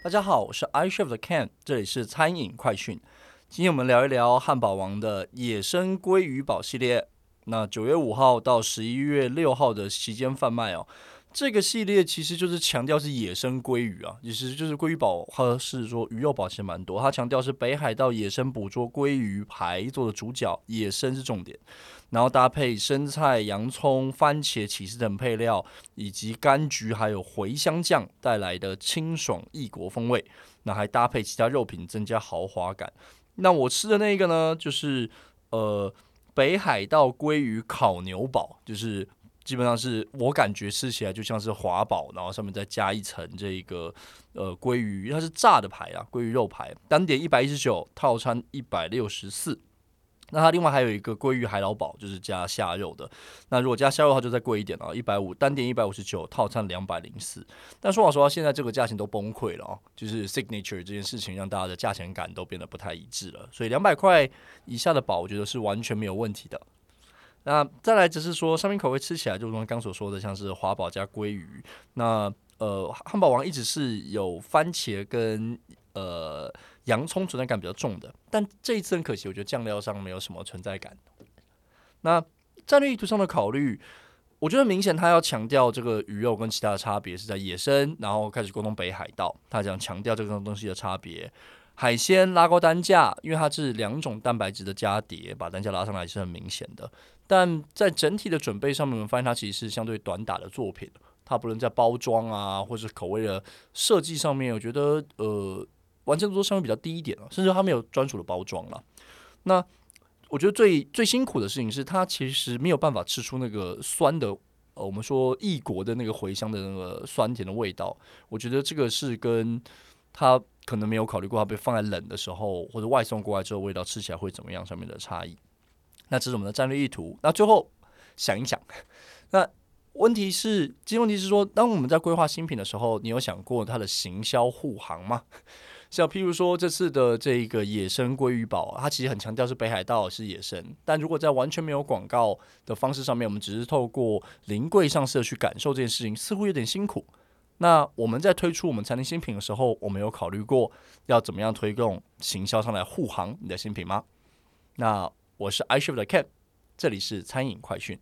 大家好，我是 iCHEF 的 Ken，這裡是餐飲快訊。今天我們聊一聊漢堡王的野生鮭魚堡系列。那九月五號到十一月六號的期間販賣哦。這個系列其實就是強調是野生鮭魚啊，其實就是鮭魚堡，它是說魚肉堡其實蠻多，它強調是北海道野生捕捉鮭，鮭魚排做的主角，野生是重點，然後搭配生菜、洋蔥、番茄、起司等配料，以及柑橘還有茴香醬帶來的清爽異國風味，那還搭配其他肉品增加豪華感。那我吃的那個呢，就是呃北海道鮭魚烤牛堡，就是。基本上是我感覺吃起來就像是華堡，然後上面再加一層這一個呃鮭魚，它是炸的排啊，鮭魚肉排，單點一百一十九，套餐一百六十四。那它另外還有一個鮭魚海老堡，就是加蝦肉的。那如果加蝦肉的話就再貴一點了、哦，一百五，單點一百五十九，套餐兩百零四。但說老實話，現在這個價錢都崩潰了、哦，就是 signature 這件事情讓大家的價錢感都變得不太一致了。所以兩百塊以下的堡，我覺得是完全沒有問題的。那再來就是說，上面口味吃起來就剛剛所說的，像是華堡加鮭魚。那呃，漢堡王一直是有番茄跟呃洋蔥存在感比較重的，但這一次很可惜，我覺得醬料上沒有什麼存在感。那戰略意圖上的考慮，我覺得明顯他要強調這個魚肉跟其他的差別是在野生，然後開始溝通北海道，他想強調這個東西的差別。海鮮拉高單價，因為它是兩種蛋白質的加疊，把單價拉上來是很明顯的。但在整體的準備上面，我們發現它其實是相對短打的作品，它不能在包裝啊，或者口味的設計上面，我覺得呃，完成度相對比較低一點啊，甚至它沒有專屬的包裝了。那我覺得最最辛苦的事情是，它其實沒有辦法吃出那個酸的，呃，我們說異國的那個茴香的那個酸甜的味道。我覺得這個是跟他可能沒有考慮過，它被放在冷的時候，或者外送過來之後，味道吃起來會怎麼樣？上面的差異，那這是我們的戰略意圖。那最後想一想，那問題是，今天問題是說，當我們在規劃新品的時候，你有想過它的行銷護航嗎？像譬如說，這次的這個野生鮭魚堡，它其實很強調是北海道是野生，但如果在完全沒有廣告的方式上面，我們只是透過臨櫃上色去感受這件事情，似乎有點辛苦。那我們在推出我們餐廳新品的時候，我們有考慮過要怎麼樣推動行銷上來護航你的新品嗎？那我是 iCHEF 的 Cat，這裡是餐飲快訊。